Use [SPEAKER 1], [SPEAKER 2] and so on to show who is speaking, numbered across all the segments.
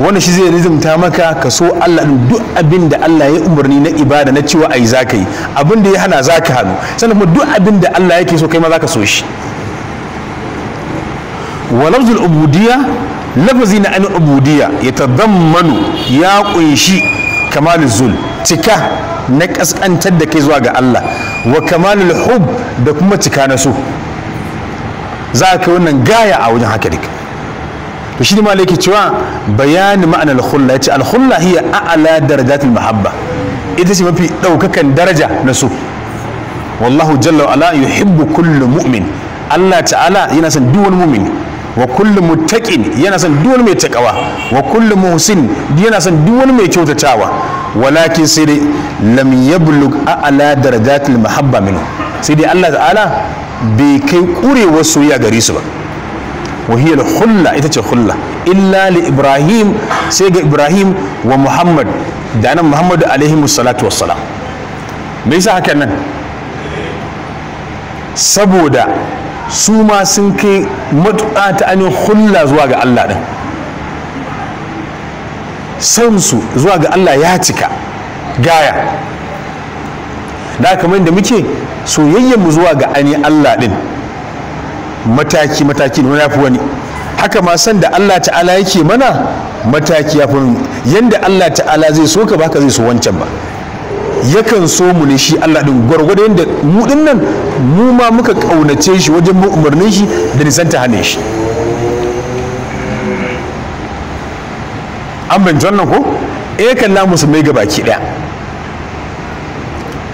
[SPEAKER 1] wanda shi zai rizumta maka ka so Allah din duk abin da Allah ya umarni na ibada na cewa ai zaka yi abin da ya hana zaka hannu sannan kuma duk abin da Allah yake so kai ma zaka so shi wa lafzul ubudiyya lafazi na an ubudiyya ya tadammanu ya kunshi kamalul zul cika na kaskantar da kai zuwa ga Allah wa kamalul hub da kuma cika na so za ka yi wannan gaya a wajen haka dika to shi ne ma yake cewa bayani ma'anar alkhulla yace alkhulla hiya a'la darajatul mahabba ita ce mafi daukakan daraja na su. wallahu jalla ala yuhibbu kullu mu'min Allah ta'ala yana son duk wani mu'min wa kullu muttaqin yana son duk wani mai takawa wa kullu muhsin yana son duk wani mai kyautatawa walakin sai dai lam yablug a'la darajatul mahabba minhu sai dai Allah ta'ala bai kai kurewar soyayya gare su ba wahiyar hulla ita ce hulla illa li ibrahim sai ga ibrahim wa muhammad da nan muhammadu alaihi salatu wassalam me yasa hakan nan saboda su ma sun kai matuƙa ta ainihin hulla zuwa ga allah ɗin sansu zuwa ga allah ya cika gaya da kamar da muke soyayyenmu zuwa ga ainihin allah ɗin mataki mataki wani yafi wani haka ma san da Allah ta'ala yake mana mataki yafi yanda Allah ta'ala zai so ka baka zai so wancan ba yakan so mu ne shi Allah din gwargwado yadda mu din nan mu ma muka kaunace shi wajen mu umarnin shi da ta hane shi an bincin wannan ko eh kalla musulmai ga baki daya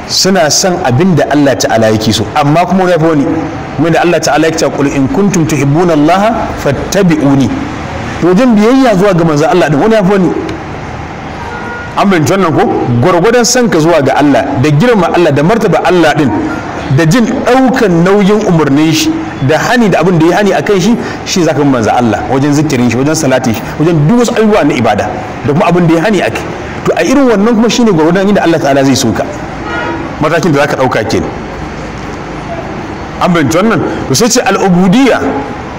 [SPEAKER 1] suna son abin da Allah ta'ala yake so amma kuma ya fi wani mai da Allah ta'ala yake cakul in kuntum tuhibbuna Allah fattabi'uni wajen biyayya zuwa ga manzo Allah din wani ya fi wani an bin wannan ko gwargwadon son ka zuwa ga Allah da girma Allah da martaba Allah din da jin ɗaukan nauyin umarnin shi da hani da abin da ya hani a kan shi shi zaka bin manzo Allah wajen zikirin shi wajen salatin shi wajen duk wasu abubuwa na ibada da kuma abin da ya hani akai to a irin wannan kuma shine gwargwadon inda Allah ta'ala zai soka matakin da za ka dauka kenan an bayyana wannan to sai ce al'ubudiyya.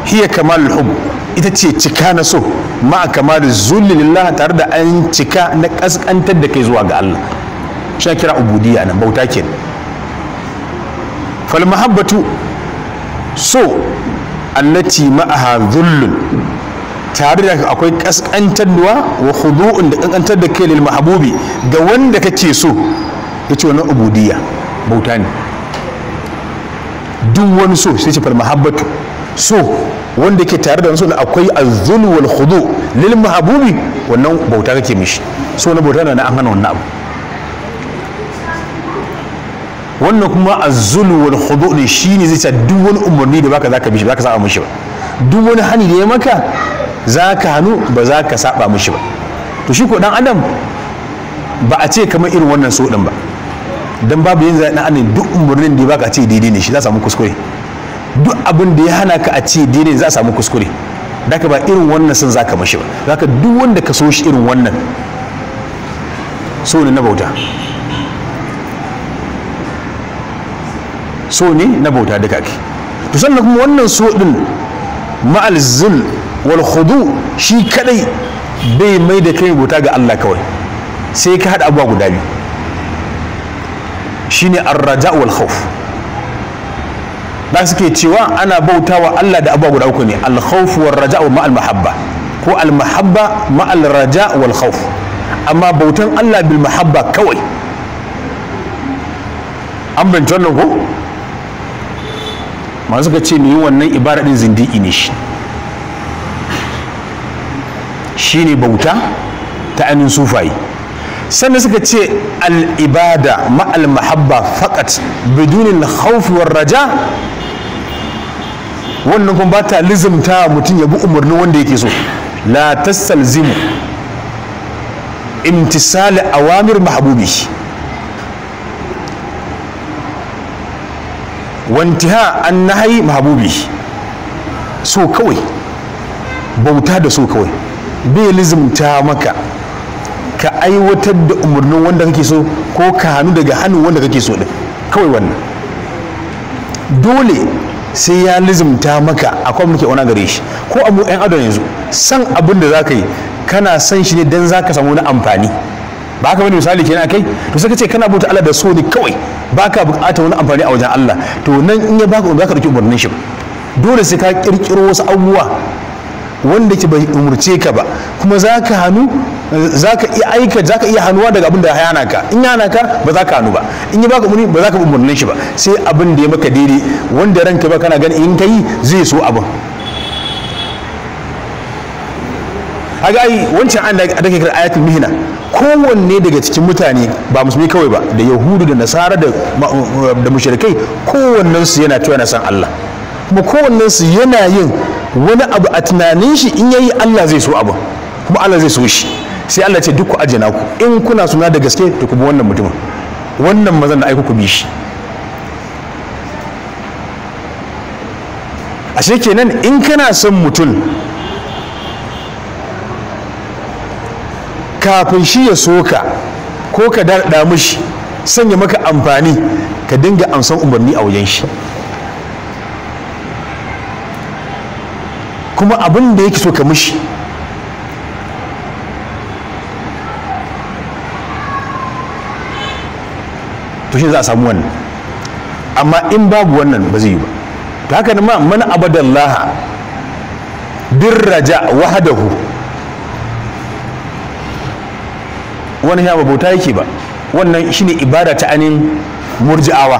[SPEAKER 1] hiya kamalul hubb ita ce cika na so ma kamalul zulli lillah tare da an cika na kaskantar da kai zuwa ga Allah shi kira ubudiyya nan bauta kenan fal mahabbatu so allati ma'aha zullun. tare da akwai kaskantarwa wa khudu'un da ƙanƙantar da kai lil mahabubi ga wanda kake so ya ce wannan ubudiyya bauta ne duk wani so sai ce habbatu so wanda ke tare da na akwai a wal khudu lil mahabubi wannan bauta kake mishi so na bauta na an hana wannan abu wannan kuma a wal khudu ne shine zai ce duk wani umarni da baka zaka mishi baka saba mishi ba duk wani hani da ya maka zaka hanu ba zaka saba mishi ba to shi ko dan adam ba a ce kamar irin wannan so din ba don babu yin zai dan duk umarnin da ya baka a ce daidai ne shi za a samu kuskure duk abin da ya hana ka a ce daidai ne za a samu kuskure daga ba irin wannan sun za ka mashi ba ka duk wanda ka so shi irin wannan so ne na bauta so ne na bauta duka ke to sannan kuma wannan so din ma'alzin wal khudu shi kadai bai mai da kai bauta ga Allah kawai sai ka hada abuwa guda biyu shine ar-raja wal da suke cewa ana bautawa Allah da abubuwa guda uku ne al raja ma al-mahabba ko al-mahabba ma al-raja wal amma bautan Allah bil mahabba kawai an bance wannan ko ma suka ce ne wannan ibara din zindiki ne shi shine bauta ta anin sufayi sannan suka ce al'ibada ma'al mahabba faƙat bidunin haufuwar raja wannan kuma ba ta lizimta mutum ya bi umarnin wanda yake so la tassalzimu imtisali awamir mahabubi wantiha an nahayi mahabubi so kawai bauta da so kawai bai lizimta maka ka aiwatar da umarnin wanda kake so ko ka hannu daga hannun wanda kake so din kawai wannan dole sai ya lizimta maka a kwan muke ona gare shi ko abu yan adon yanzu san abin da zaka yi kana san shi ne dan ka samu wani amfani ba ka wani misali kenan kai to sai ka ce kana bauta Allah da so ne kawai Ba ka bukata wani amfani a wajen Allah to nan in ya baka umarni ka dauki umarnin shi dole sai ka kirkiro wasu abubuwa wanda ke bai umurce ka ba kuma za ka hannu za ka iya aika za ka iya hannuwa daga abin da ya hana ka in ya hana ka ba za ka hannu ba in ya baka umarni ba za ka umarnin shi ba sai abin da ya maka daidai wanda ranka ba kana gani in ka yi zai so abin A ga yi wancan an da ke kira ayatul mihina kowanne daga cikin mutane ba musulmi kawai ba da yahudu da nasara da da mushrikai kowannen yana cewa na san Allah kuma kowannen su yana yin wani abu a tunanin shi in yayi Allah zai so abu kuma Allah zai so shi sai Allah ce duk ku aje naku in kuna suna da gaske to ku bi wannan mutumin wannan mazan da aiku ku bi shi ashe kenan in kana son mutum kafin shi ya so ka ko ka daɗa mishi sanya maka amfani ka dinga amsan umarni a wajen shi kuma abin da yake so ka mishi to shi za a samu wannan amma in babu wannan ba zai yi ba to haka ne ma man abadallaha birraja wahadahu wani ya bauta yake ba wannan shine ibada ta anin murji'awa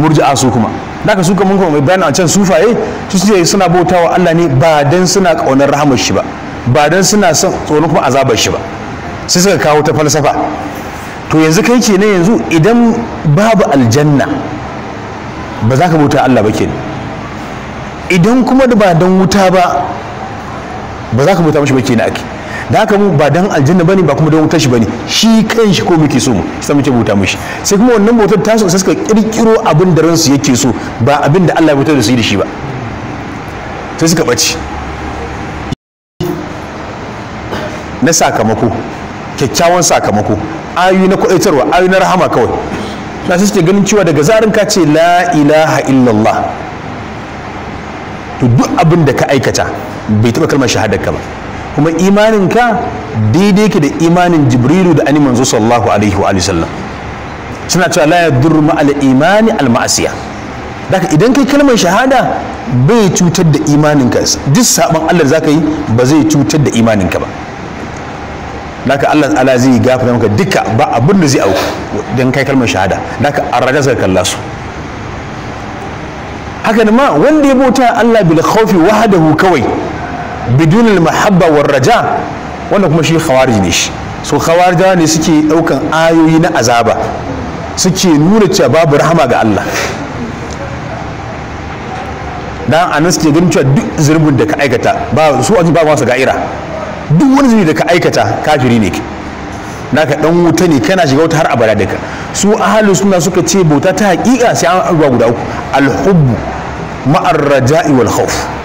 [SPEAKER 1] murji'a su kuma daga su kamar kuma mai bayan a can sufaye su suke suna wa Allah ne ba dan suna kaunar rahamar shi ba ba dan suna son tsoron kuma azabar shi ba sai suka kawo ta falsafa to yanzu kai ke yanzu idan babu aljanna ba za ka bauta Allah ba kenan idan kuma da ba dan wuta ba ba za ka bauta mashi ba kenan ake da haka mu ba dan aljanna bane ba kuma don wutar shi bane shi kan shi ko muke so mu sai muke bauta mishi sai kuma wannan bautar so sai suka kirkiro abin da ransu yake so ba abin da Allah ya bautar da su da shi ba sai suka bace na sakamako kyakkyawan sakamako ayu na kwaitarwa ayu na rahama kawai na sai suke ganin cewa daga zarin ka ce la ilaha illallah to duk abin da ka aikata bai taɓa kalmar shahadar ka ba kuma imaninka daidai ke da imanin jibrilu da ani manzo sallallahu alaihi wa sallam suna cewa la yadurru ma al imani al ma'asiya daga idan kai kalmar shahada bai cutar da imaninka duk sabon Allah da zaka yi ba zai cutar da imaninka ba daga Allah ta'ala zai gafara maka duka ba abin da zai auku dan kai kalmar shahada daga arraja sai kalla su haka ma wanda ya bauta Allah bil khawfi wahdahu kawai bidunul mahabba wa raja wannan kuma shi khawarij ne shi so khawarija ne suke daukan ayoyi na azaba suke nuna cewa babu rahama ga Allah dan anan suke ganin cewa duk zurbin da ka aikata ba su aji ba masu ga'ira duk wani zubi da ka aikata kafiri ne ke naka dan wuta ne kana shiga wuta har abada daga su ahalin suna suka ce bauta ta haƙiƙa sai an guda uku alhubbu ma'ar raja'i wal khawf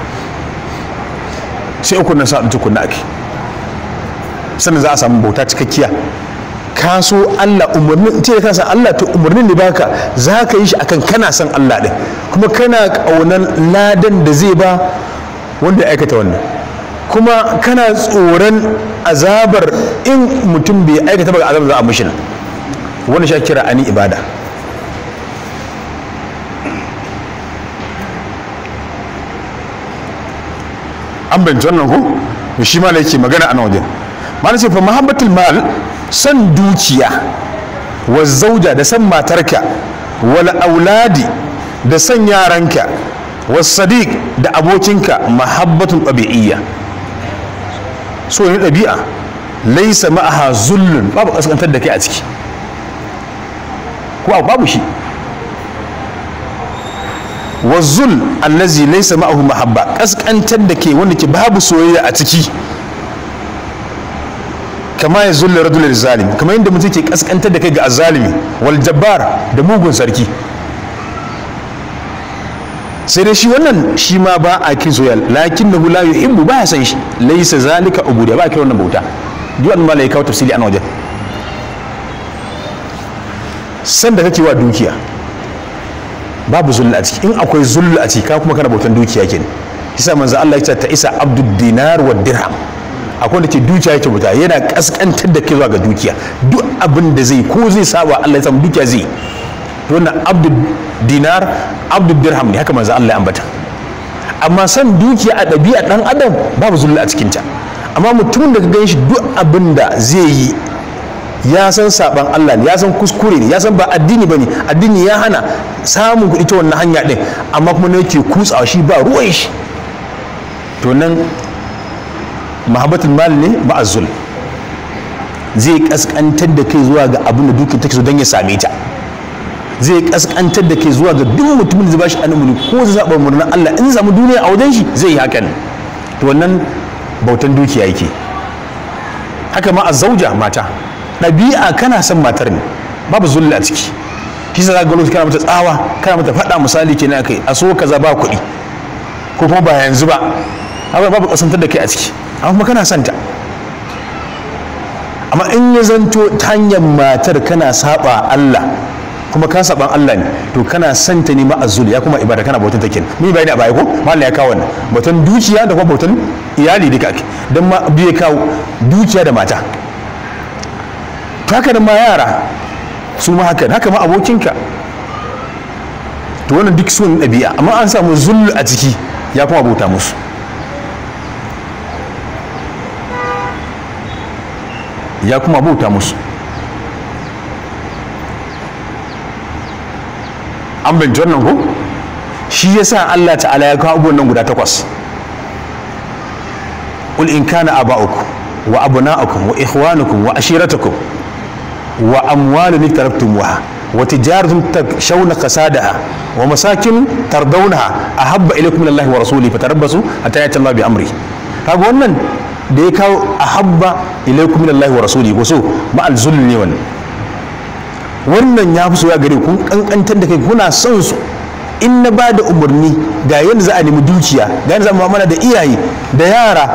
[SPEAKER 1] sai na sa tukunna ake sannan za a samu bauta cikakkiya ka so Allah umarnin ce ka san Allah to umarnin da baka za ka yi shi akan kana san Allah din kuma kana kaunan ladan da zai ba wanda ya aikata wannan kuma kana tsoron azabar in mutum bai aikata ba azabar za a mishi wannan shi kira ani ibada an bayyana wannan ko to shi ma yake magana a nan wajen malam ce fa mahabbatul mal san dukiya wa zauja da san matarka wal auladi da san yaranka was sadiq da abokinka mahabbatul tabi'iyya so ne ɗabi'a laisa ma'aha zullun babu kaskantar da kai a ciki ko babu shi wazul allazi laisa ma'ahu mahabba kaskantar da ke wanda ke babu soyayya a ciki kama ya zulle radular zalim kama yadda mutum ke kaskantar da kai ga azalimi wal jabbar da mugun sarki sai dai shi wannan shi ma ba a kin soyayya lakin nahu la yuhibbu ba ya san shi laisa zalika ubudiyya ba a kiran wannan bauta duk an malai kawo tafsiri an wajen san da kake wa dukiya babu zullu a ciki in akwai zullu a ciki ka kuma kana bautan dukiya kenan isa manzo Allah ya ta isa abdud dinar wa dirham akwai da ke dukiya yake buta yana kaskantar da kai zuwa ga dukiya duk abin da zai ko zai saba Allah ya samu dukiya zai to wannan abdud dinar abdud dirham ne haka manzo Allah ya ambata amma san dukiya a ɗabi'a dan adam babu zullu a cikinta amma mutumin da ka gan shi duk abin da zai yi ya san saban Allah ne ya san kuskure ne ya san ba addini bane addini ya hana samun kuɗi ta wannan hanya ɗin amma kuma ne yake kutsawa shi ba ruwan shi to nan mahabbatul mal ne ba azul zai kaskantar da kai zuwa ga abin da dukin take so don ya same ta zai kaskantar da kai zuwa ga duk mutumin da zai bashi annabi ko zai saba murna Allah in zamu duniya a wajen shi zai yi hakan to wannan bautan dukiya yake haka ma a zauja mata ɗabi'a kana son matar ne babu zulli a ciki kisa za ka kana mata tsawa kana mata faɗa misali kenan kai a so kaza ba kuɗi ko kuma ba yanzu ba amma babu kasantar da kai a ciki amma kuma kana santa amma in ya zanto ta hanyar matar kana saba Allah kuma ka saban Allah ne to kana santa ne ma zuli ya kuma ibada kana bautan take ni bayani a baya ko mallaka ya kawo wannan bautan dukiya da kuma bautan iyali duka ake dan ma biye kawo dukiya da mata haka da ma yara su ma haka haka ma abokinka to wannan duk sun ɗabi'a amma an samu zullu a ciki ya kuma bauta musu ya kuma bauta musu an binci wannan ko shi sa Allah ta'ala ya kawo abubuwan nan guda takwas قل wa كان wa وأبناؤكم wa وأشيرتكم wa amwalin iktaraftumuha wa tijaratun takshawna qasadaha wa masakin tardawnaha ahabba ilaykum min Allah wa rasuli fatarabbasu hatta ya'ti Allah bi amri kaga wannan da ya kawo ahabba ilaykum min Allah wa rasuli ko so ba alzul ne wannan wannan ya fi soya gare ku kankantar da kai kuna son su in na ba da umarni ga yanzu za a nemi dukiya ga yanzu za a mu'amala da iyaye da yara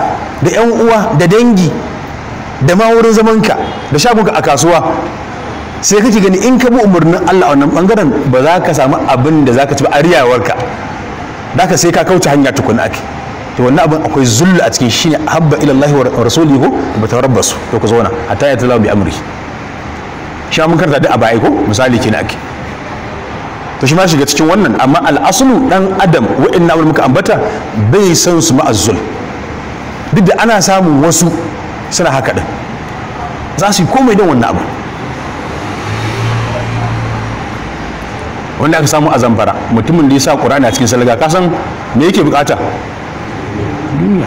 [SPEAKER 1] da yan uwa da dangi da ma wurin zaman ka da shagonka a kasuwa sai kake gani in ka bi umarnin Allah a wannan bangaren ba za ka samu abin da za ka ci ba a ka da ka sai ka kauce hanya tukuna ake to wannan abin akwai zullu a cikin shine habba ila Allah wa rasulihi ba tawarabbasu to ku zauna hatta ya tilawa bi amri shi mun karta da a baya ko misali kenan ake to shi ma shiga cikin wannan amma al'asulu dan adam wa'annan muka ambata bai san su ma'azul. duk da ana samun wasu suna haka din za su yi komai don wannan abu wanda aka samu a zamfara mutumin da ya sa ƙur'ani a cikin salga kasan me yake bukata duniya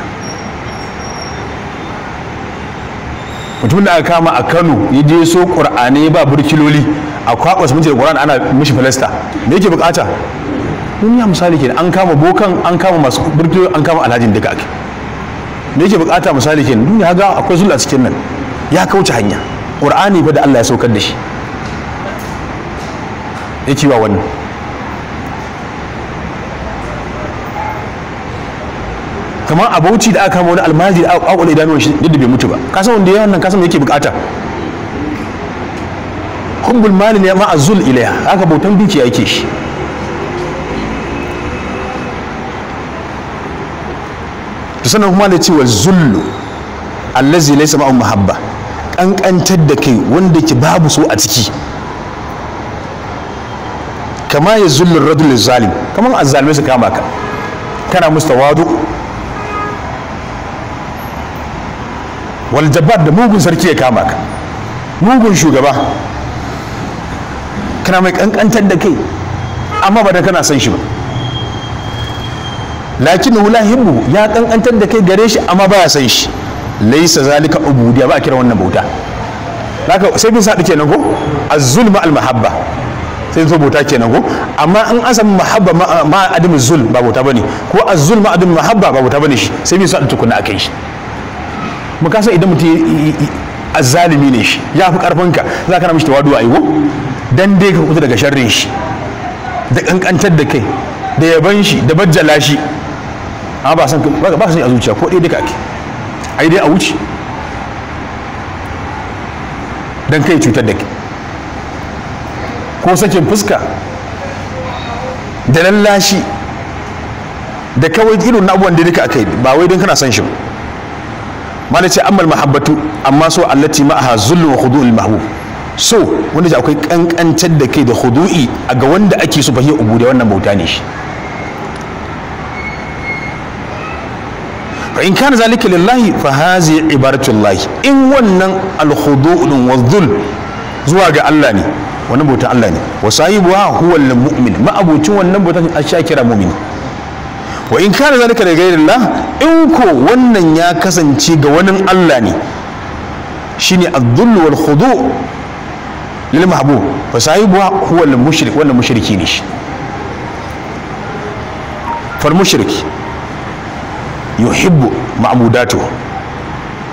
[SPEAKER 1] mutumin da aka kama a kano ya je so ƙur'ani ba burkiloli a kwakwas mace da ƙur'ani ana mishi falasta me yake bukata duniya misali ke an kama bokan an kama masu burkiloli an kama alhajin duka ake da yake bukata misali kenan duniya ga akwai zulla cikin nan ya kauce hanya qur'ani fa da Allah ya saukar da shi yake wa wannan kamar a bauchi da aka kama wani da aka kwakwale idanuwan shi duk da bai mutu ba kasa wanda ya wannan kasan yake bukata kumbul mali ne ma azul ilaiha aka bautan dukiya yake shi to sannan kuma da cewa zullu allazi laysa ma'un Muhabba, kankantar da kai wanda ke babu so a ciki kama ya zullu radul zalim kaman azzalimai su kama ka kana mustawadu wal jabbar da mugun sarki ya kama ka mugun shugaba kana mai kankantar da kai amma ba da kana san shi ba lakin wula hibbu ya kankantar da kai gare shi amma baya san shi laisa zalika ubudiyya ba a kira wannan bauta haka sai bin saɗi kenan ko az-zulma al-mahabba sai so bauta kenan ko amma in an asan mahabba ma adamu zul ba bauta bane ko az-zul ma mahabba ba bauta bane shi sai bin saɗi tukuna akai shi mu kasa idan mutum azzalimi ne shi ya fi karfin ka za ka na mishi tawadu aiwo dan dai ka kutu daga sharrin shi da kankantar da kai da yaban shi da bajjala shi a ba san ba san a zuciya ko ɗaya duka ake ai dai a wuce dan kai cutar da ke ko sakin fuska da lallashi da kawai irin abubuwan da duka a kai ba wai don kana son shi ba mana ce ammal mahabbatu amma so allati ma'aha zullu wa khudu'ul mahbub so wanda akwai kankancar da kai da khudu'i a ga wanda ake so fa hiya wannan bauta ne shi fa in kana zalika lillahi fa hazi ibaratullahi in wannan alkhudu' din zuwa ga Allah ne wannan bautan Allah ne wa sahibuha huwa almu'min ma'abucin wannan bautan ashakira mu'min wa in kana zalika li ghayrillah in ko wannan ya kasance ga wani Allah ne shine adh-dhull wal khudu' lil mahbub fa sahibuha huwa al-mushrik wannan mushriki ne shi fal mushriki yuhibbu ma'budatuhu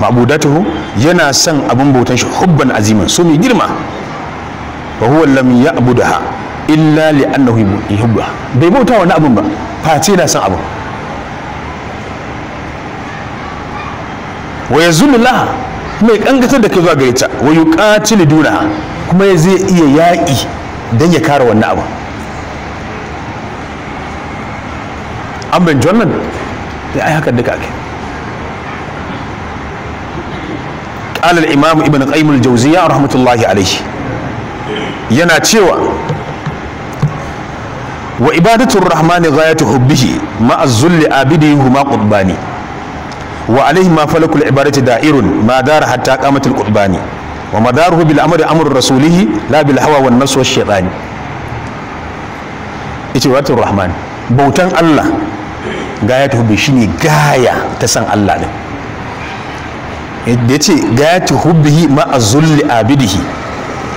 [SPEAKER 1] ma'budatuhu yana son abin bautan shi hubban aziman so mai girma wa huwa lam ya'budaha illa li annahu yuhibbuha bai bauta wani abin ba face na son abin wa yazullu laha kuma ya kangatar da ke zuwa gare ta wa yuqatilu dunaha kuma ya zai iya yaƙi don ya kare wannan abin an bin wannan da ai haka duka ake qala imam ibn qayyim al-jawziyya rahmatullahi alayhi yana cewa wa ibadatu ar-rahman ghayatu hubbihi ma az-zulli abidihi ma qurbani ibadati da'irun ma dar hatta qamat bautan allah gaya ta hubbi shine gaya ta san Allah ne da ce gaya ta hubbihi ma'a zulli abidihi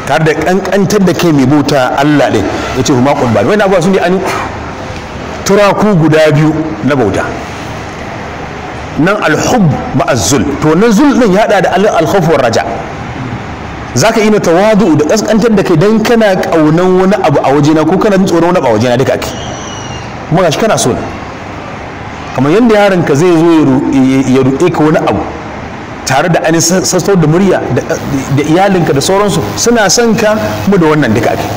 [SPEAKER 1] ta da kankantar da kai mai bauta Allah ne ya ce ba qurbani wani abuwa ne an turaku guda biyu na bauta nan alhub ma'a zul to nan zul nan ya haɗa da alkhawf raja za ka yi na tawadu da kaskantar da kai don kana kaunan wani abu a wajena ko kana tsoron wani abu a wajena duka ake kuma gashi kana so ne kamar yadda yaron ka zai zo ya ruɗe ka wani abu tare da an sassau da murya da iyalinka da sauransu suna son ka kuma da wannan duka ake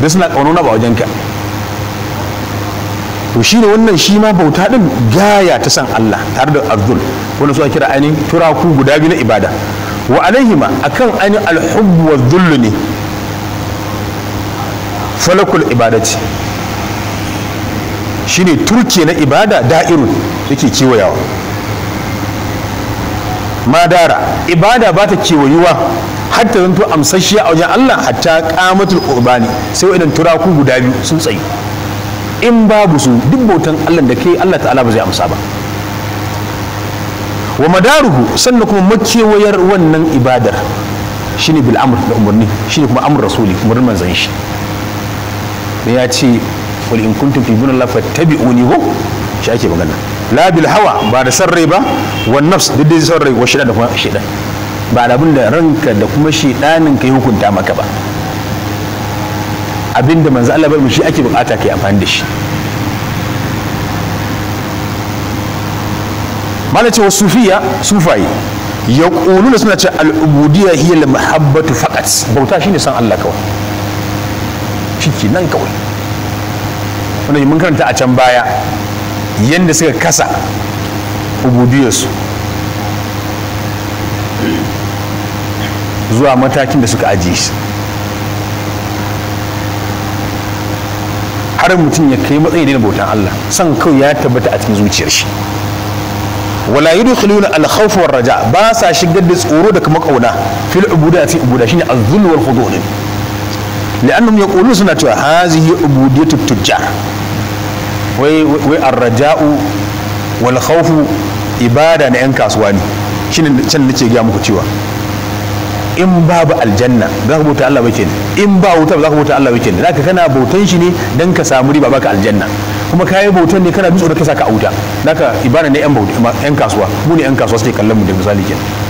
[SPEAKER 1] da suna ƙaunona ba wajenka to shi ne wannan shi ma bauta ɗin gaya ta san Allah tare da Abdul, wanda suka kira ainihin turaku guda biyu na ibada wa alaihima akan ainihin alhubbu wa zullu ne falakul ibadati ne turke na ibada da'irun yake kewayawa madara ibada ba ta kewayuwa har ta zanto amsashiya a wajen Allah hatta qamatul qurbani sai wa'idan turaku guda biyu sun tsayi in babu su duk bautan Allah da ke Allah ta'ala ba zai amsa ba wa madaruhu sannan kuma makewayar wannan ibadar shine ne amr da umarni shine kuma Amur rasuli umarnin manzon shi ya ce qul in kuntum tuhibbuna Allah fattabi'uni ko shi ake magana la bil hawa ba da san rai ba wa nafs duk da san rai wa shida da kuma shida ba da abin ranka da kuma shedanin kai ya hukunta maka ba abinda manzo Allah bai mu shi ake bukata kai amfani da shi malace wa sufiya sufaye ya da suna ce al'ubudiyya hiya mahabbatu fakat bauta shine san Allah kawai shi nan kawai wanda mun a can baya yadda suka kasa ubudiyarsu zuwa matakin da suka ajiye shi har mutum ya kai matsayi daina bautan Allah san kawai ya tabbata a cikin zuciyar shi wala yudkhiluna al-khawf war raja ba sa shigar da tsoro da kuma kauna fil ubuda fi ubuda ne az-zul wal khudu' li'annahum yaqulun suna cewa hazihi ubudiyatu tujjar wai wai arraja'u wal khawfu ibada na yan kasuwa ne shine can nace muku cewa in babu aljanna za ka bauta Allah ba kenan in ba wuta za ka bauta Allah ba kenan zaka kana bautan shi ne dan ka samu riba baka aljanna kuma kayi bautan ne kana dutse da ka saka a wuta zaka ibada ne yan kasuwa mu ne yan kasuwa suke kallon mu da misali kenan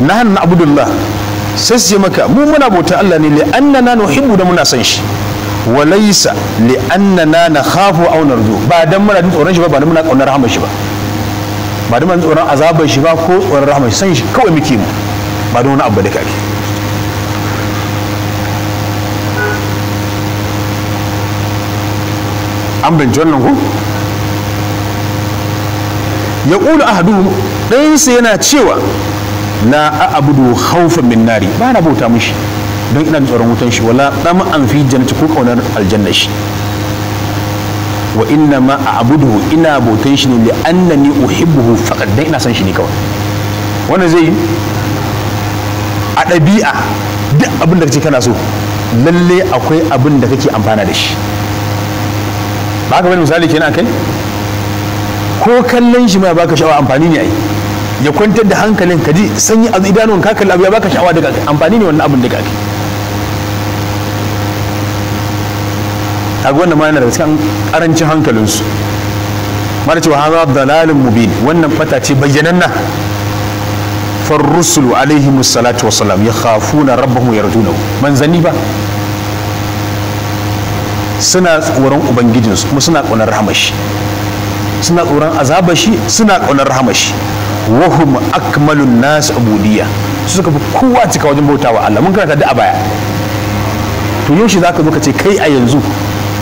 [SPEAKER 1] nahnu na'budullah sai su ce maka mu muna bauta Allah ne li'annana nuhibbu da muna san shi wa laysa li'annana nakhafu aw narju ba dan muna jin tsoron shi ba ba dan muna kaunar rahmar shi ba ba dan muna tsoron azabar shi ba ko tsoron rahmar shi san shi kawai muke mu ba don wani abu da kake an binci wannan ku ya ƙulu ɗayansa yana cewa la a'budu khawfan min nari ba na bauta mishi don ina da tsoron wutan shi wala dama an fi jannati ko kaunar aljanna shi wa inna ma a'budu ina bautan shi ne li'annani uhibbuhu faqad dan ina son shi ne kawai wannan zai a ɗabi'a duk abin da kace kana so lalle akwai abin da kake amfana da shi ba ka bani misali kenan kai ko kallon shi ma baka sha'awa amfani ne ai ya kwantar da hankalin ka ji sanyi a idanun ka kalli abu ya baka sha'awa daga amfani ne wannan abin daga kai kaga wannan ma yana da cikin karancin hankalinsu mara cewa haza dalalin mubin wannan fata ce bayyananna فالرسل عليهم الصلاة والسلام يخافون ربهم يرجونه من ba suna tsoron ubangijinsu kuma suna ƙaunar rahamashi suna tsoron azabashi suna ƙaunar rahamashi wahum akmalun nas ubudiyya su suka fi kowa cika wajen bauta wa Allah mun karanta da a baya to yaushe zaka zo ka ce kai a yanzu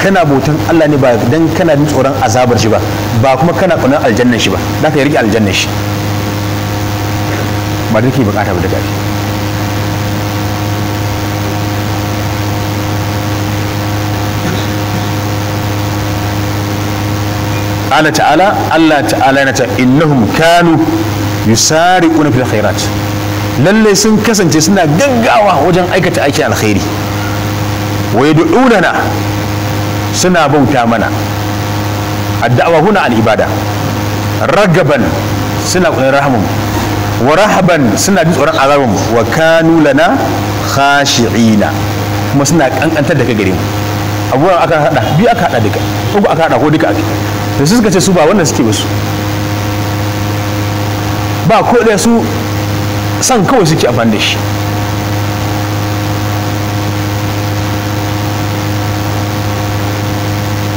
[SPEAKER 1] kana bautan Allah ne ba dan kana jin tsoron azabar shi ba ba kuma kana ƙaunar aljannan shi ba zaka yi rike aljannan shi ba da kake bukata ba da gafi qala ta'ala Allah ta'ala yana ta innahum kanu yusariquna fil khairat sun kasance suna gaggawa wajen aikata aikin alheri. wa yad'unana suna bauta mana addawa huna al-ibada ragaban suna kunin rahamun wa rahaban suna jin tsoron azabun wa kanu lana khashi'ina kuma suna kankantar da kai gare mu abubuwan aka biyu duka ko duka da su suka ce su ba wannan suke basu ba ko da su san kawai suke amfani da shi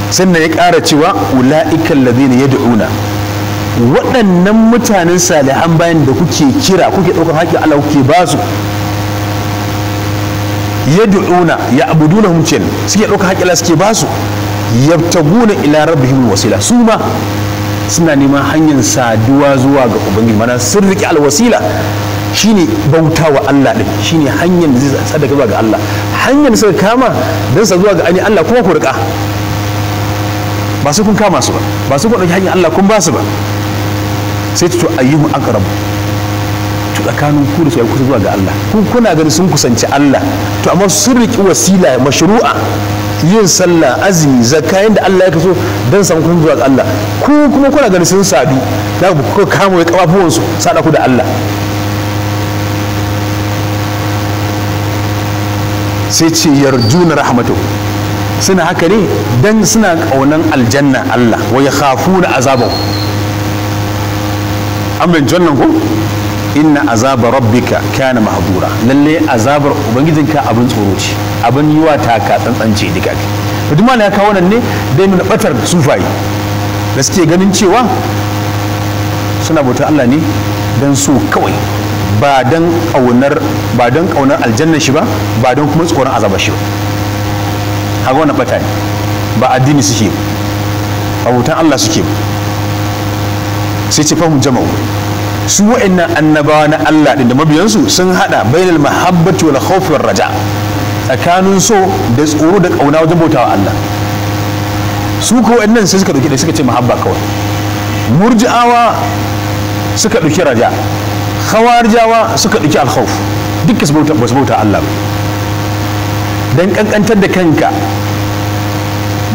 [SPEAKER 1] sannan ya ƙara cewa ula'ikan ladina ya da'una waɗannan mutanen salihan bayan da kuke kira kuke ɗaukar haƙƙin Allah kuke ba su ya du'una ya abuduna hum suke ɗaukar haƙƙin Allah suke ba su yabtaguna ila rabbihim wasila su ma suna neman hanyar saduwa zuwa ga ubangiji mana sun alwasila shine bauta wa Allah din shine hanyar da zai sadaka zuwa ga Allah hanyar da suka kama don sa zuwa ga ani Allah kuma ku rika ba su kun kama su ba ba su kun dauki hanyar Allah kun ba su ba sai to ayyuhu aqrab tsakanin ku da su kusa zuwa ga Allah ku kuna gani sun kusanci Allah to amma sun riki wasila mashru'a yin sallah azumi zakka yanda Allah ya kaso dan samu kun zuwa ga Allah ku kuma kuna gani sun sadu za ku kama kafafuwan su sada ku da Allah sai ce yarjuna rahmatu suna haka ne dan suna kaunan aljanna Allah wa khafuna azabahu an bin jannan ko inna azaba rabbika kana mahdura lalle azabar ubangijinka abin tsoro ce abin yiwa ta ka tsantsance duka kai duk ya kawo nan ne dai mun batar sufayi da suke ganin cewa suna bauta Allah ne dan so kawai ba dan kaunar ba dan kaunar aljanna shi ba ba dan kuma tsoron azaba shi ba haka wannan bata ne ba addini suke ba bautan Allah suke ba sai ce fahimta jama'u su wa'annan annabawa na Allah din da mabiyansu sun hada bainal mahabbati wal khawfi war raja tsakanin so da tsoro da kauna wajen bautawa Allah su ko wa'annan sai suka dauki da suka ce mahabba kawai murji'awa suka dauki raja khawarijawa suka dauki al khawf duk su bauta basu bauta Allah dan kankantar da kanka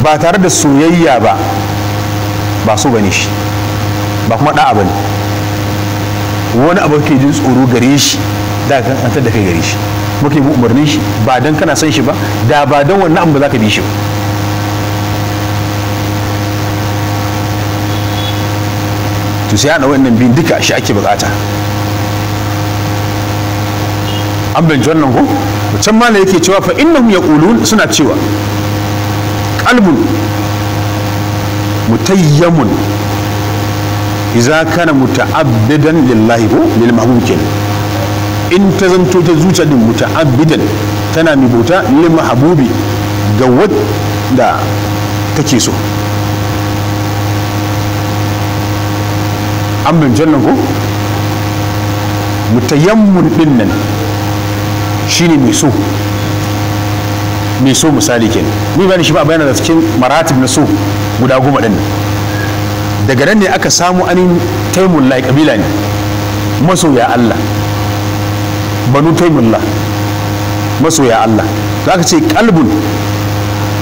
[SPEAKER 1] ba tare da soyayya ba ba so bane shi ba kuma da'a bane wani abu ke jin tsoro gare shi da ka antar da kai gare shi muke bi umarnin shi ba dan kana son shi ba da ba dan wannan abu ba za ka bi shi ba to sai ana wannan biyun duka shi ake bukata an bin wannan ko can ma yake cewa fa innahum yaqulun suna cewa qalbun mutayyamun iza kana muta'abbidan lillahi ko lil mahbub kenan in ta zanto ta zuciya din muta'abbidan tana mai bauta lil mahbubi ga wadda take so an bincin nan ko mutayammun din nan shine mai so mai so misali kenan ni ba ni shi ba bayanan da cikin maratib na so guda goma din daga nan ne aka samu anin taimullah kabila ne masoya Allah banu taimullah masoya Allah za ka ce kalbun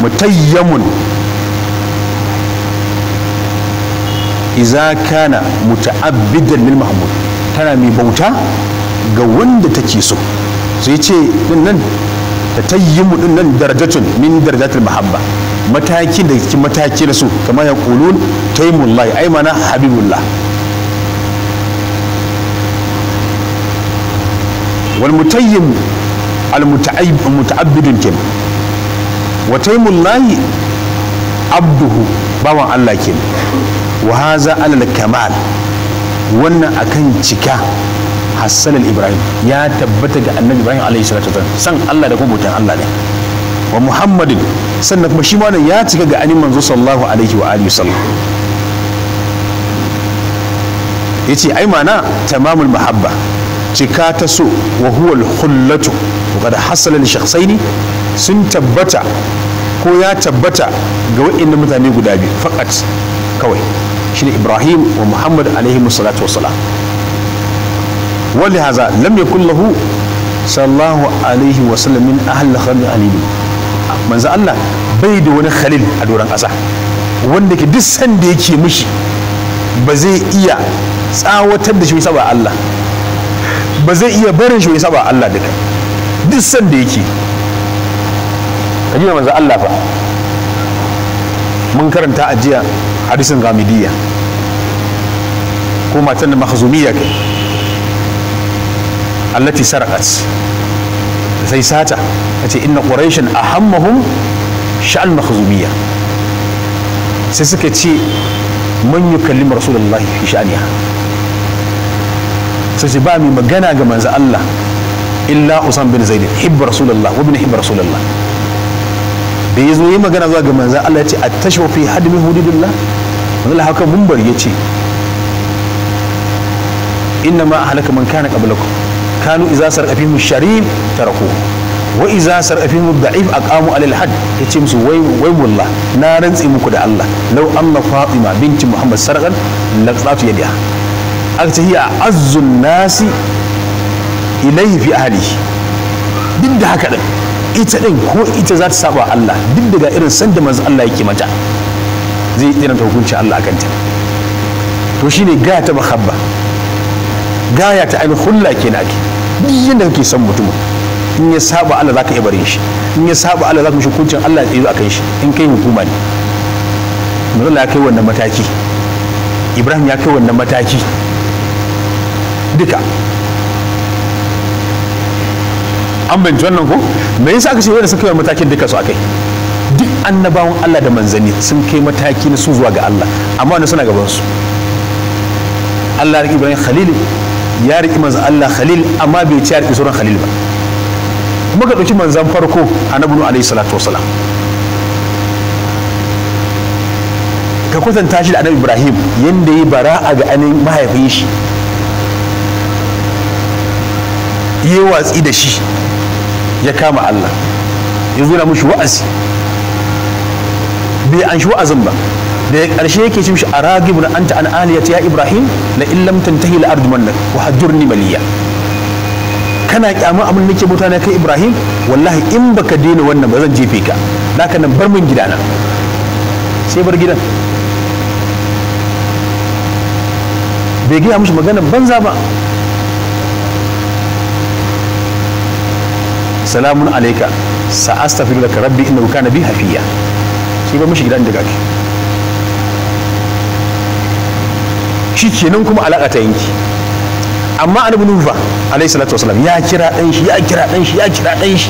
[SPEAKER 1] mutayyamun iza kana muta'abbidan lil mahmud tana mai bauta ga wanda take so sai ce din nan tatayyimu din nan darajatun min darajatul mahabba matakin da cikin mataki na su kamar ya kulun taimullahi ai mana habibullah wal mutayyim al muta'abbidun kin wa taimullahi abduhu bawan Allah kin wa haza alal kamal wannan akan cika hassan ibrahim ya tabbata ga annabi ibrahim alaihi salatu wasallam san Allah da kuma Allah ne wa muhammadin sannan kuma shi ma ya cika ga anin manzo sallallahu alaihi wa alihi sallam yace ai mana tamamul mahabba cika ta so wa huwa al-hullatu qad hasala li shakhsaini sun tabbata ko ya tabbata ga wa'annan mutane guda biyu faqat kawai shine Ibrahim wa Muhammad alaihi salatu wassalam ولهذا لم يكن له sallallahu alaihi wa sallam min أهل خير عليم manzo Allah bai da wani khalil a doron ƙasa wanda ke duk sanda yake mishi ba zai iya tsawatar da shi saba Allah ba zai iya barin shi saba Allah duka duk sanda yake kaji manzo Allah fa mun karanta a jiya hadisin gamidiya ko matan da mahzumiya kai allati sarqat sai sata ce inna a ahammahum sha'al makhzumiyya sai suka ce marasu da rasulullahi fi sha'aniha sai ce ba mai magana ga manzo Allah illa Usam bin Zaid hibba rasulullah wa bin hibba rasulullah da yazo yi magana zuwa ga manzo Allah ya ce attashwa fi hadmi hududillah manzo haka mun bar ya ce inna ma ahlaka man kana qablakum kanu idza sarqa fihim tarakuhu wa iza mu da'if aqamu alal ya ce musu wai wai wallah na rantsi muku da Allah law anna fatima binti muhammad sarqan laqatu yadiha aka ce hiya azzun nasi ilayhi fi ahlihi duk da haka din ita din ko ita za ta saba Allah duk daga irin san da manzo Allah yake mata zai irin ta hukunci Allah akan ta to shine gaya ta mahabba gaya ta ainihin hulla kenan ake duk yadda kake son mutum in ya saba Allah zaka iya barin shi in ya saba Allah zaka mishi hukuncin Allah ya a akan shi in kai hukuma ne manzo ya kai wannan mataki Ibrahim ya kai wannan mataki duka an binci wannan ko me yasa aka ce wanda suka kai matakin duka su akai duk annabawan Allah da manzanni sun kai mataki na su zuwa ga Allah amma wani suna gaban su Allah ya Ibrahim Khalil ya riƙi manzo Allah Khalil amma bai ci ya riƙi sauran Khalil ba muka ɗauki manzan farko annabi nuhu alayhi salatu wasalam ka kwatanta shi da annabi ibrahim yadda yi bara'a ga anin mahaifin shi yi watsi da shi ya kama allah ya zura mushi wa'azi bai an shi wa'azin ba da ya ƙarshe yake a mishi na anta an aliyata ya ibrahim la illam tantahi la arjumannak wa hajurni maliya kana kyamun abin nake mutane kai Ibrahim wallahi in baka daina wannan ba zan jefe ka naka nan bar min gidana sai bar gidan bai gaya musu magana banza ba salamun alaika sa astaghfiruka rabbi innahu na bi hafiya sai ba mishi gidan daga shi kenan kuma alaƙa ta yanki amma an nuhu fa alaihi salatu wasalam ya kira dan shi ya kira dan shi ya kira dan shi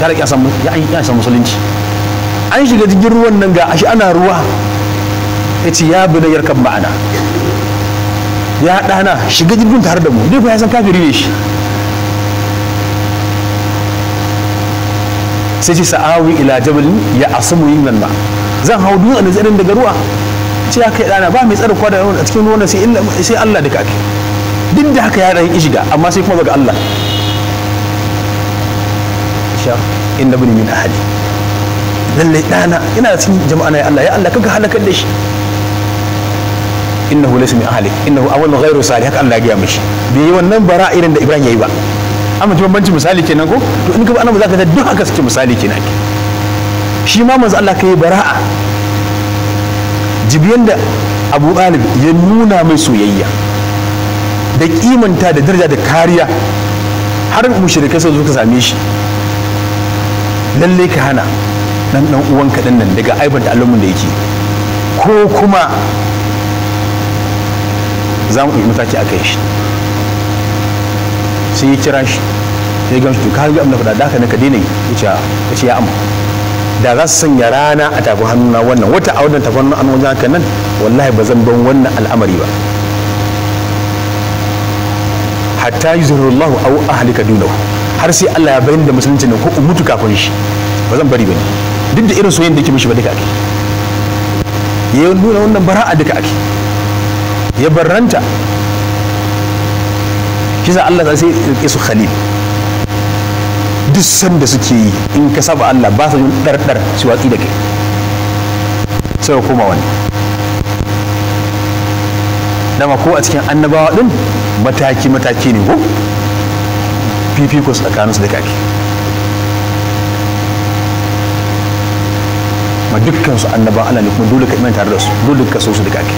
[SPEAKER 1] tare ya samu ya ya musulunci an shiga jirgin ruwan nan ga ashi ana ruwa yace ya bi da yarkan ma'ana ya dana shiga jirgin tare da mu duk ya san kafiri ne shi sai shi. sa'awi ila jabalin ya asamu yin nan ba zan hau dutsen da tsirin daga ruwa ce ya kai dana ba mai tsara kwada a cikin ruwan sai Allah da kake duk da haka ya ɗan ƙi shiga amma sai kuma daga Allah sha inda bani min ahli lallai ɗana ina cikin jama'a na ya Allah ya Allah kanka halakar da shi innahu laysa min ahli innahu awwal ghayru salih haka Allah ya gaya mishi bai yi wannan bara irin da Ibrahim yayi ba amma ji bambanci misali kenan ko to in ka ba annabi zaka ga duk haka suke misali kenan shi ma manzo Allah kai bara'a jibiyan da Abu Talib ya nuna mai soyayya da kimanta da daraja da kariya har mushrikai sau suka same shi lalle ka hana dan dan uwan ka nan daga aibar da allahnmu da yake ko kuma za mu yi mataki a kai shi sai ya kira shi ya gamsu to ka ga amma fada da haka ne ka daina yi ya ce ya amma da za su sanya rana a tafi hannuna wannan wata a wannan tafi hannuna an wajen haka nan wallahi ba zan ban wannan al'amari ba hatta yuzhirullahu a ahalika dunahu har sai Allah ya bayyana da musulunci ne ko mutu kafin shi ba zan bari bane duk da irin soyayyen da yake mishi ba duka ake ya nuna wannan bara'a duka ake ya barranta kisa Allah ta sai ya su khalil duk sanda suke yi in ka saba Allah ba su jin dardar su watsi da kai sai koma wani dama ko a cikin annabawa din mataki mataki ne ko fifiko tsakanin su da kake ma dukkan su annaban Allah ne kuma dole ka imanta da su dole ka so su da kake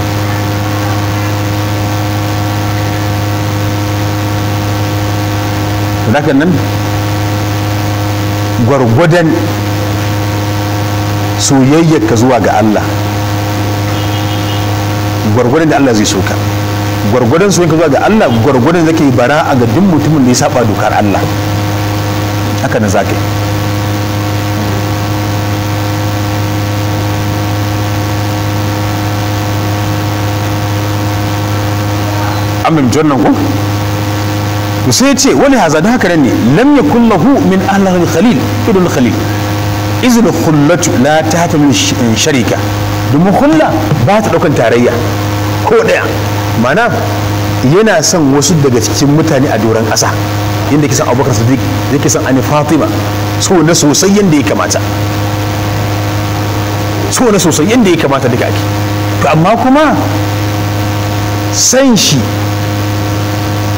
[SPEAKER 1] daga nan gwargwadon ka zuwa ga Allah gwargwadon da Allah zai so ka gwargwadon su yanka zuwa ga Allah gwargwadon zaka yi bara a gadin mutumin da ya saba dokar Allah haka na zaka yi amin jannan ku to sai ce wani haza da haka ne lam kulla lahu min ahlil khalil idul khalil izin khullatu la min sharika domin khulla ba ta daukan tarayya ko daya mana yana son wasu daga cikin mutane a doron ƙasa inda kisan abubakar sadiq yake son ani fatima so na sosai yadda ya kamata so na sosai yadda ya kamata duka ake to amma kuma san shi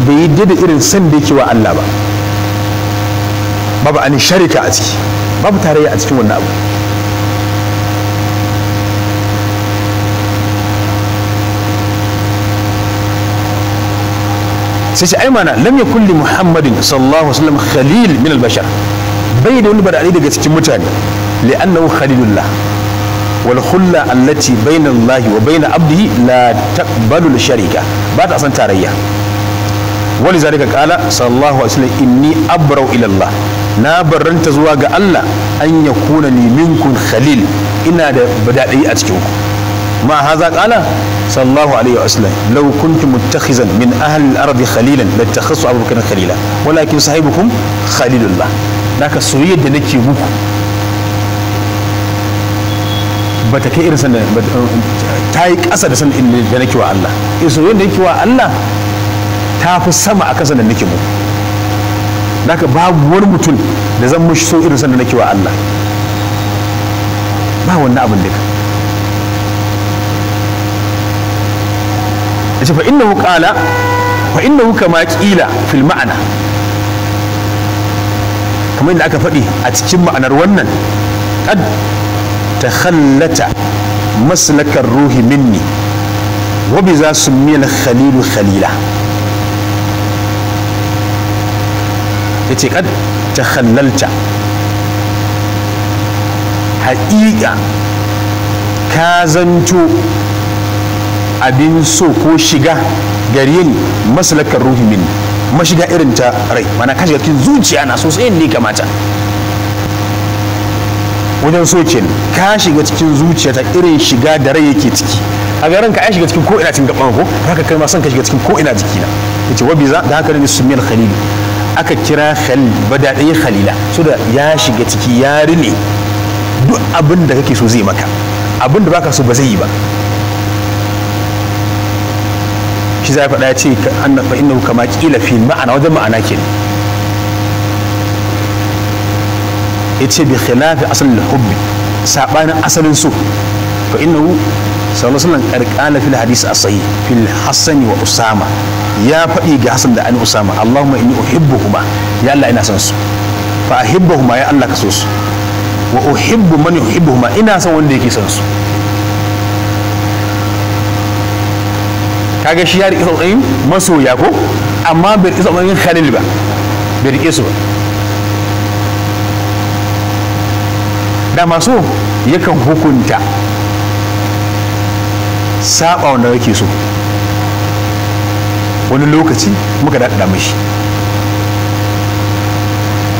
[SPEAKER 1] bai yi da irin san da yake wa Allah ba babu an sharika a ciki babu tarayya a cikin wannan abu sai sai aimana lam ya kulli muhammadin sallallahu alaihi wasallam khalil min albashar bai da wani barari daga cikin mutane annahu khalilullah wal khulla allati bayna allahi wa bayna abdihi la taqbalu sharika ba ta san tarayya wani zalika kala sallallahu alaihi wasallam inni abrau ila allah na baranta zuwa ga allah an yakuna li minkum khalil ina da bada'i a cikin ku ma ha za qala sallallahu alaihi wasallam law kuntu muttakhizan min ahli al-ard khalilan lattakhassu abubakar khalila walakin sahibukum khalilullah naka soyayyar da nake muku bata kai irin sanda ta yi kasa da san sanda da nake wa Allah soyayyar da nake wa Allah ta fi sama a kasa da nake muku naka babu wani mutum da zan mushi so irin sanda nake wa Allah ba wannan abin da duka yace fa innahu qala fa innahu kama qila fil ma'ana kamar yadda aka faɗi a cikin ma'anar wannan qad takhallata maslakar ruhi minni wa bi za summiya khalilu khalila yace kad takhallalta haƙiƙa ka zanto abin so ko shiga gare ni masalakar ruhi mini mashiga irin ta rai mana ka shiga cikin zuciya na sosai ne kamata wajen so ke ka shiga cikin zuciya ta irin shiga da rai yake ciki a garin ka shiga cikin ko ina cikin gaban ko haka kai ma son ka shiga cikin ko ina jikina yace wa biza da haka ne sumiyal khalil aka kira khalil bada dai khalila so da ya shiga ciki ya rine duk abin da kake so zai maka abin da baka so ba zai yi ba shi zai faɗa ya ce annan fa innahu kama qila fi ma'ana wajen ma'ana ke Ya ce bi khilafi asalin hubbi saɓanin asalin so fa hu sallallahu alaihi wasallam qarqala fil hadisi a sahih fil hasan wa usama ya faɗi ga hasan da an usama allahumma inni uhibbuhuma ya allah ina son su fa uhibbuhuma ya allah ka so su wa uhibbu man yuhibbuhuma ina son wanda yake son su kaga shi ya riƙe tsautsayin masoya ko amma bai riƙe tsautsayin khalil ba bai riƙe su ba da maso yakan hukunta saɓa wanda yake so wani lokaci muka daɗa mashi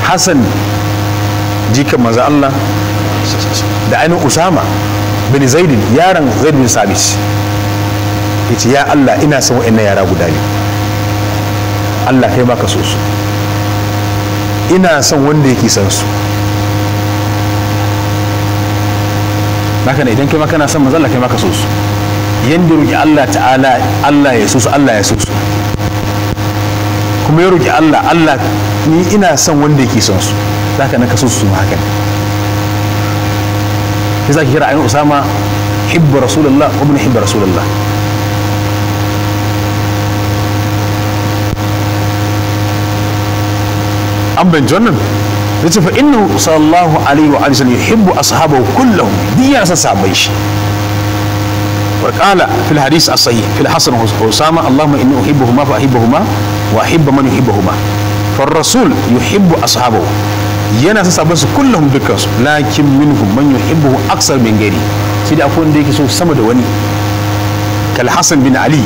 [SPEAKER 1] hassan jikin maza Allah da ainihin usama bin zaidin yaron zaidin bin sabis yake ce ya Allah ina son wa'annan yara guda biyu Allah kai baka so su ina son wanda yake son su haka idan kai ma kana son manzo Allah kai baka so su yanda roki Allah ta'ala Allah ya so su Allah ya so su kuma ya roki Allah Allah ni ina son wanda yake son su zaka naka so su haka ne sai zaki kira ayin Usama hibbu rasulullah wa ibn hibbu rasulullah an bayyana wannan ya ce fa innahu sallallahu alaihi wa sallam yuhibbu ashabahu kullum duk yana son sahabbai shi yana sa su kullum dukkan su lakin minhum man yuhibbu aksar min gari sai da akwai wanda yake so sama da wani kal hasan bin ali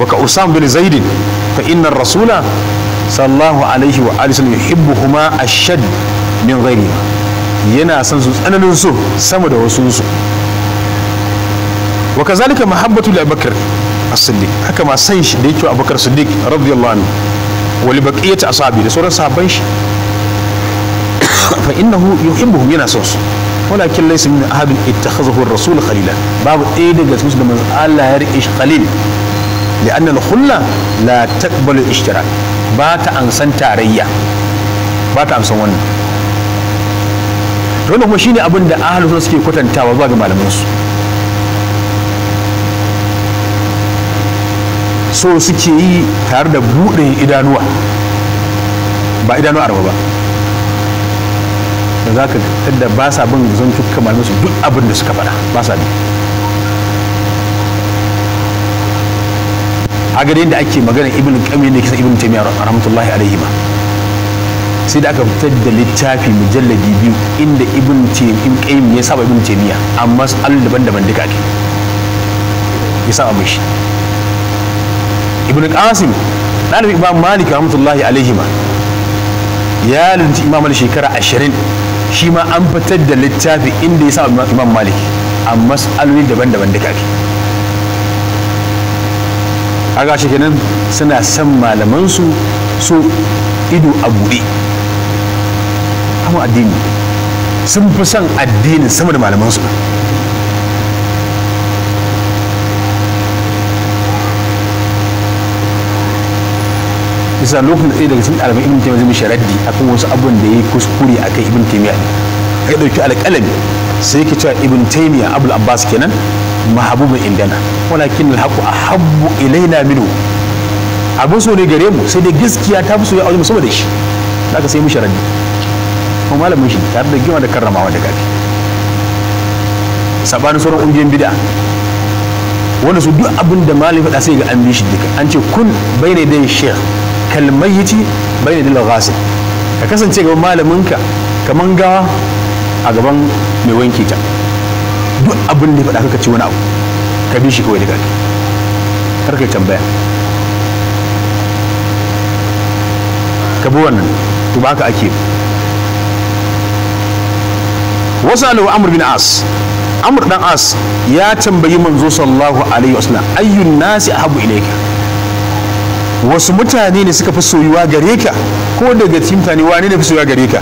[SPEAKER 1] wa ka usam bin zaid fa inna rasula sallallahu alaihi wa alihi wasallam yuhibbuhuma ashad min ghairi yana san su tsananin so sama da wasu su wa kazalika mahabbatu li abakar as-siddiq haka ma san shi da yake abakar siddiq radiyallahu anhu wa li baqiyati ashabi da sauran sahabban shi fa innahu yuhibbuhum yana san su walakin laysa min ahadin ittakhadhahu ar-rasul khalila babu ɗaya daga cikin da manzo Allah ya rike shi khalil لأن الخلة لا تقبل الاشتراك ba ta ansan tarayya ba ta amsan wannan wannan kuma shine abin da ahlus suke kwatantawa zuwa ga su so suke yi tare da buɗe idanuwa ba idanuwa arba ba da za ka tadda ba sa bin zan tukka su duk abin da suka faɗa ba sa ne. a gare da ake magana ibn qayyim ne kisa ibn taymiyyah rahmatullahi alaihi ma sai da aka fitar da littafi mujalladi biyu inda ibn qayyim ya saba ibn taymiyyah amma al daban-daban duka ake ya saba mishi ibn qasim ɗalibin imam malik rahmatullahi alaihi ma ya lanci imam shekara ashirin shi ma an fitar da littafi inda ya saba imam malik amma al'ulli daban-daban duka ake kaga shi kenan suna son malamansu su ido a buɗe amma addini sun fi son addini sama da malamansu isa lokacin da daga cikin ɗaliban ibn taimiyya zai sharaddi a kan wasu abin da ya yi kuskure a kan ibn taimiyya ya ɗauki alƙalami sai yake cewa ibn taimiyya abul abbas kenan mahabubu indana walakin alhaqu ahabbu ilaina minhu abin so ne gare mu sai dai gaskiya ta fi ya ya wajen musamman da shi zaka sai mishi raddi ko malamin shi tare da gima da karramawa da gafi sabanin sauran kungiyar bid'a wanda su duk abin da malamin faɗa sai ga an bi duka an ce kun bai ne dai kalmai kalmayici bai ne dai ghasib ka kasance gaban malaminka kaman gawa a gaban mai wanki ta duk abin da ya faɗa kaka ci wani abu ka bi shi kawai da kai kar kai tambaya ka bi wannan to ba ka ake wasu alawa amur bin as amur dan as ya tambayi manzo sallallahu alaihi wasallam ayyun nasi ahabu ilayka wasu mutane ne suka fi soyuwa gare ka ko daga cikin mutane wane ne fi soyuwa gare ka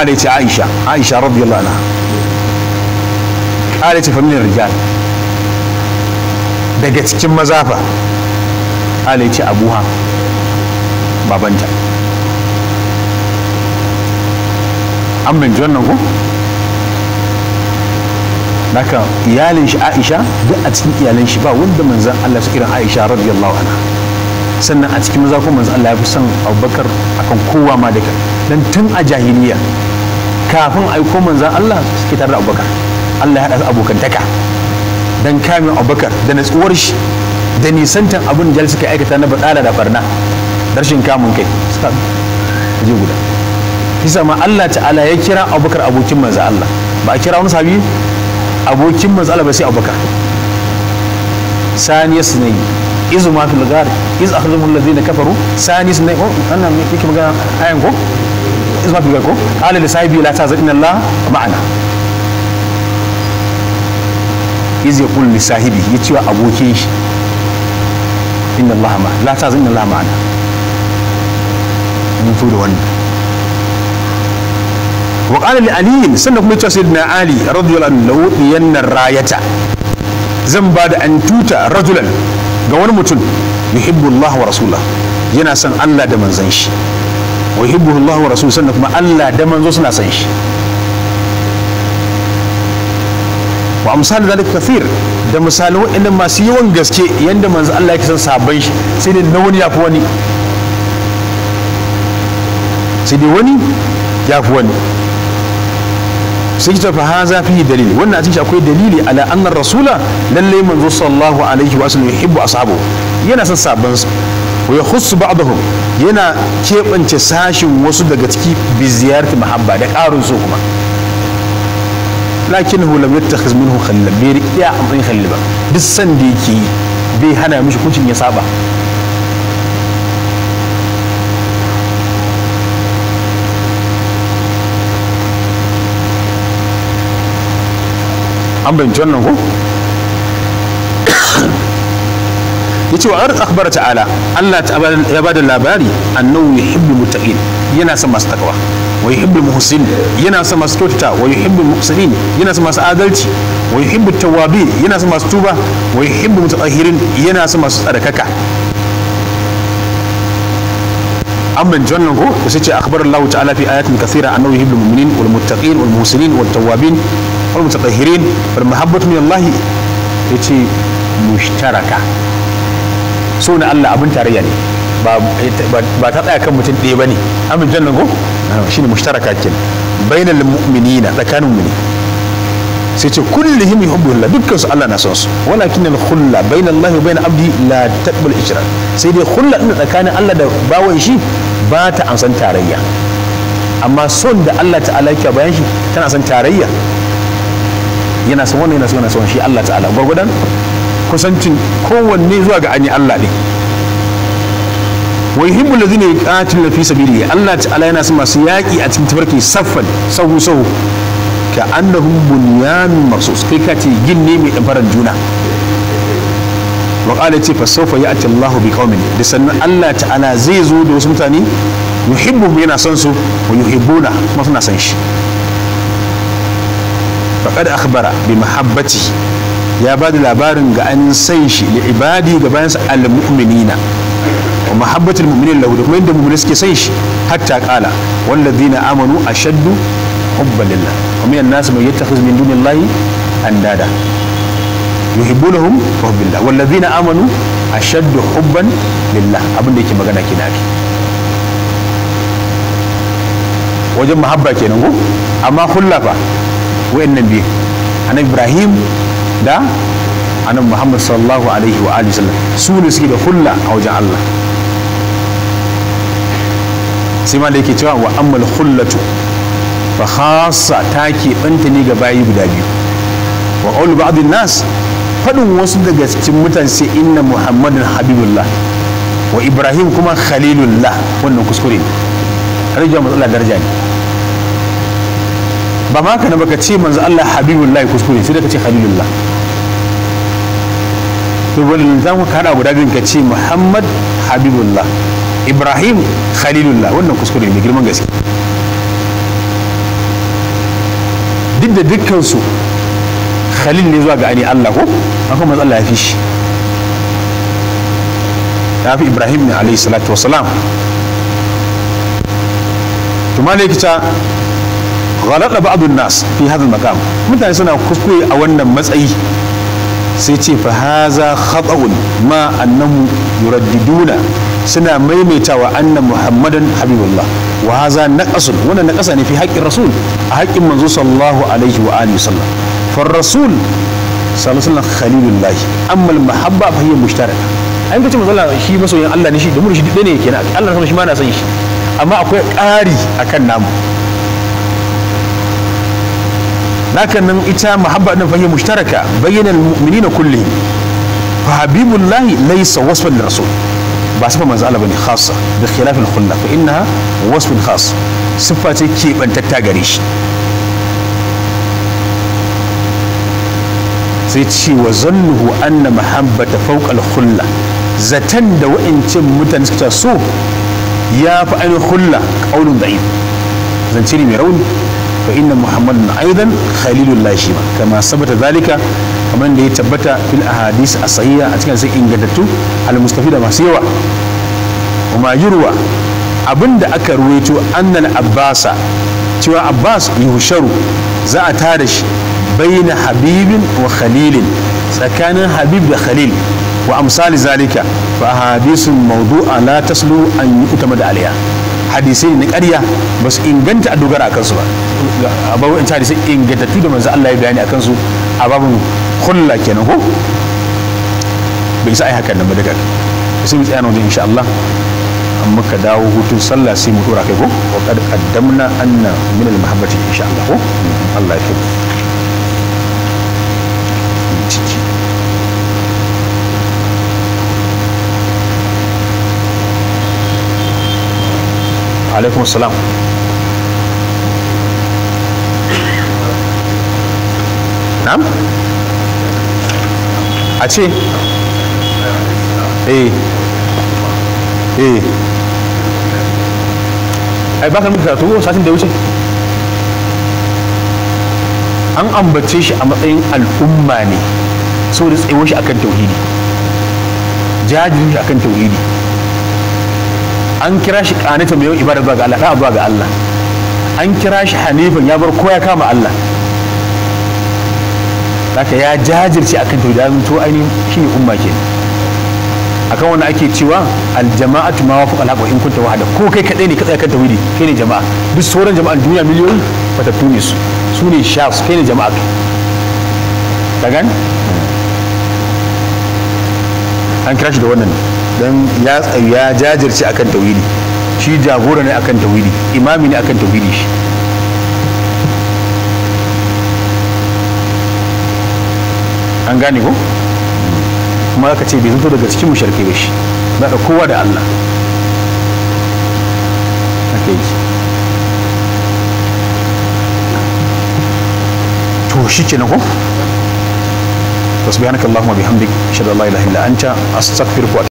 [SPEAKER 1] ana ce aisha aisha radiyallahu anha ƙara ce familin rijal daga cikin mazafa ƙara ce abuha babanta an binci wannan ku naka iyalin shi aisha duk a cikin iyalin shi ba wanda manzan allah su irin aisha radiyallahu anha sannan a cikin maza ko manzan allah ya fi son abubakar akan kowa ma daga don tun a jahiliya kafin aiko manzan allah suke tare da abubakar Allah ya haɗa su abokantaka dan kamin abubakar da natsuwar shi da nisantan abin da suka aikata na baɗala da barna da rashin kamun kai suka je guda kisa ma Allah ta'ala ya kira abubakar abokin manzo Allah ba a kira wani sabi abokin manzo Allah ba sai abubakar sani sunai izu ma fil gar iz akhadhum alladhina kafaru sani sunai oh annan me yake magana ayan ko izu ma fil gar ko qala li sahibi la ta'zina Allah ma'ana iz yaqul li sahibi ya wa abokin shi inna Allah ma la ta inna Allah ma'ana mun to da wannan wa qala li ali sannan kuma cewa sayyidina ali radiyallahu anhu law yanna rayata zan ba da an tuta rajulan ga wani mutum yuhibbu Allah wa rasulah yana son Allah da manzon shi wa yuhibbu Allah wa rasul sannan kuma Allah da manzo suna son shi wa amsal zalika kafir da misalan waɗannan masu yawan gaske yanda manzo Allah ya san sabon shi sai dai na wani yafi wani sai dai wani yafi wani sai ki fa haza fi dalili wannan a cikin akwai dalili ala annar rasula lallai manzo sallallahu alaihi wa sallam yuhibbu ashabu yana son sabon su wa yakhussu ba'dahum yana kebance sashin wasu daga ciki bi ziyarati mahabba da karin so kuma lakinnahu lam yattakhiz minhu khalla bai riƙi a amfani khalil ba duk san da yake yi bai hana mishi kuncin ya saba an bayyance wannan ko yace wa arz akhbara ta'ala Allah ta ya bada labari annahu yuhibbu muttaqin yana son masu takawa wa yuhibbul muhsin yana son masu kyautata wa yuhibbul muhsinin yana son masu adalci wa yuhibbut tawabi yana son masu tuba wa yuhibbul mutatahhirin yana son masu tsarkaka amrin jannan ko da sai ce akhbar Allah ta'ala fi ayatin kathira annahu yuhibbul mu'minin wal muttaqin wal muhsinin wal tawabin wal mutatahhirin fal mahabbatu min Allah yace mushtaraka so na Allah abin tarayya ne ba ta tsaya kan mutum ɗaya ba ne amin jannan ko shi ne mushtaraka kin bainal na tsakanin mu ne sai ce kullihim yuhibbuhullah dukkan su Allah na son su walakin al khulla bainallahi wa bain abdi la taqbul ishirar sai dai khulla din tsakanin Allah da bawan shi ba ta amsan tarayya amma son da Allah ta'ala yake bayan shi tana son tarayya yana son wannan yana son yana son shi Allah ta'ala gwargwadon kusancin kowanne zuwa ga anyi Allah ne wa yuhibbu allazina yuqatiluna fi sabilihi Allah ta'ala yana son masu yaki a cikin tafarki saffan sahu sahu ka annahum bunyanun marsus kai ka ce ginne mai dabaran juna wa qala ce fa sawfa ya'ti Allahu bi qaumin da sannan Allah ta'ala zai zo da wasu mutane yuhibbuhum yana son su wa yuhibbuna kuma suna son shi faqad akhbara bi mahabbati ya ba da labarin ga an san shi li ibadi ga bayansa al-mu'minina wa mahabbatul mu'minin lahu da kuma inda mu'mini suke san shi hatta qala wallazina amanu ashaddu hubban lillah wa minan nas man yattakhidhu min dunillahi andada yuhibbunahum wa hubbillah wallazina amanu ashaddu hubban lillah abin da yake magana kenan wajen mahabba kenan ko amma hulla fa wa'annan biyu anan ibrahim da anan muhammad sallallahu alaihi wa alihi sallam su ne suke da hulla a wajen allah sai ma da yake cewa wa ammal khullatu fa khassa ta ke banta ne ga bayi guda biyu wa qawlu ba'dhin nas fadin wasu daga cikin mutane sai inna muhammadan habibullah wa ibrahim kuma khalilullah wannan kuskure ne har matsala daraja ne ba ma ka na baka ce manzo Allah habibullah kuskure sai da ka ce khalilullah to wannan zamu kada guda biyun ka ce muhammad habibullah ibrahim khalilullah wannan kuskure mai girman gaske duk da dukkansu khalil ne zuwa ga ani allah ko akwai matsala ya fi shi ya fi ibrahim ne alayhi salatu wasalam to malaikata ghalata ba'dun nas fi hadha makam mutane suna kuskure a wannan matsayi sai ce fa haza khata'un ma annahu yuraddiduna suna maimaitawa annan muhammadan habibullah wa haza naqasun wannan naqasa ne fi haƙƙin rasul a haƙƙin manzo sallallahu alaihi wa alihi wasallam fa rasul sallallahu alaihi khalilullah amma al mahabba fa hiya mushtaraka ai kace manzo shi masoyin Allah ne shi da mu shi dade ne kenan Allah sama shi ma na san shi amma akwai ƙari akan namu haka nan ita mahabba din fa hiya mushtaraka bayyana al mu'minina kullihim fa habibullahi laysa wasfan lirasul rasul ba sifa manzo Allah bane khassa bi khilafil khulla fa innaha wasfun khas siffa ce kebantatta gare shi sai ce wa zannuhu anna mahabbata fawqa al khulla zatan da wa'incin mutane suka so ya fi an khulla qaulun da'if zance ne mai rauni fa inna muhammadan aidan khalilullah shi ma kama sabata zalika kamar da ya tabbata fil ahadis a sahiha a cikin sai ingantattu al-mustafi da masu yawa kuma yurwa abinda aka ruwaito annal abbasa cewa abbas yusharu za a tara shi baina habibin wa khalilin tsakanin habib da khalil wa amsali zalika fa hadisun mawdu'a la taslu an yu'tama da aliya hadisai na ƙarya ba su inganta a dogara a kansu ba a babu hadisai ingantattu da manzo Allah ya bayani a kansu a babu kulla kenan ko bai a ai haka nan ba daga sai mu tsaya nan insha Allah an muka dawo hutun sallah sai mu dora kai ko wa kad qaddamna anna min al mahabbati insha Allah ko Allah ya kai alaikum salam na'am a ce eh eh ai baka muka karatu ko satin da wuce an ambace shi a matsayin al'umma ne saboda tsayuwar shi akan tauhidi jajirin shi akan tauhidi an kira shi kanita mai yau ibada zuwa ga Allah ta zuwa ga Allah an kira shi hanifin ya bar ko ya kama Allah zaka ya jajirce akan kan ya zanto ainihin shine umma kenan akan wani ake cewa aljama'atu ma wafaqa al in kunta wahada ko kai kadai ne ka tsaya kan tauhidi kai ne jama'a duk sauran jama'a duniya miliyoyi fatattu ne su su ne shafs kai ne jama'a ka gani an kira shi da wannan dan ya ya jajirce akan tauhidi shi jagora ne akan tauhidi imami ne akan tauhidi shi an gane ko kuma aka ce bai zanto daga cikin musharki ba shi ka kowa da Allah aka yi to shi ke wasu bayanaka Allahumma bihamdik shada la ilaha a anta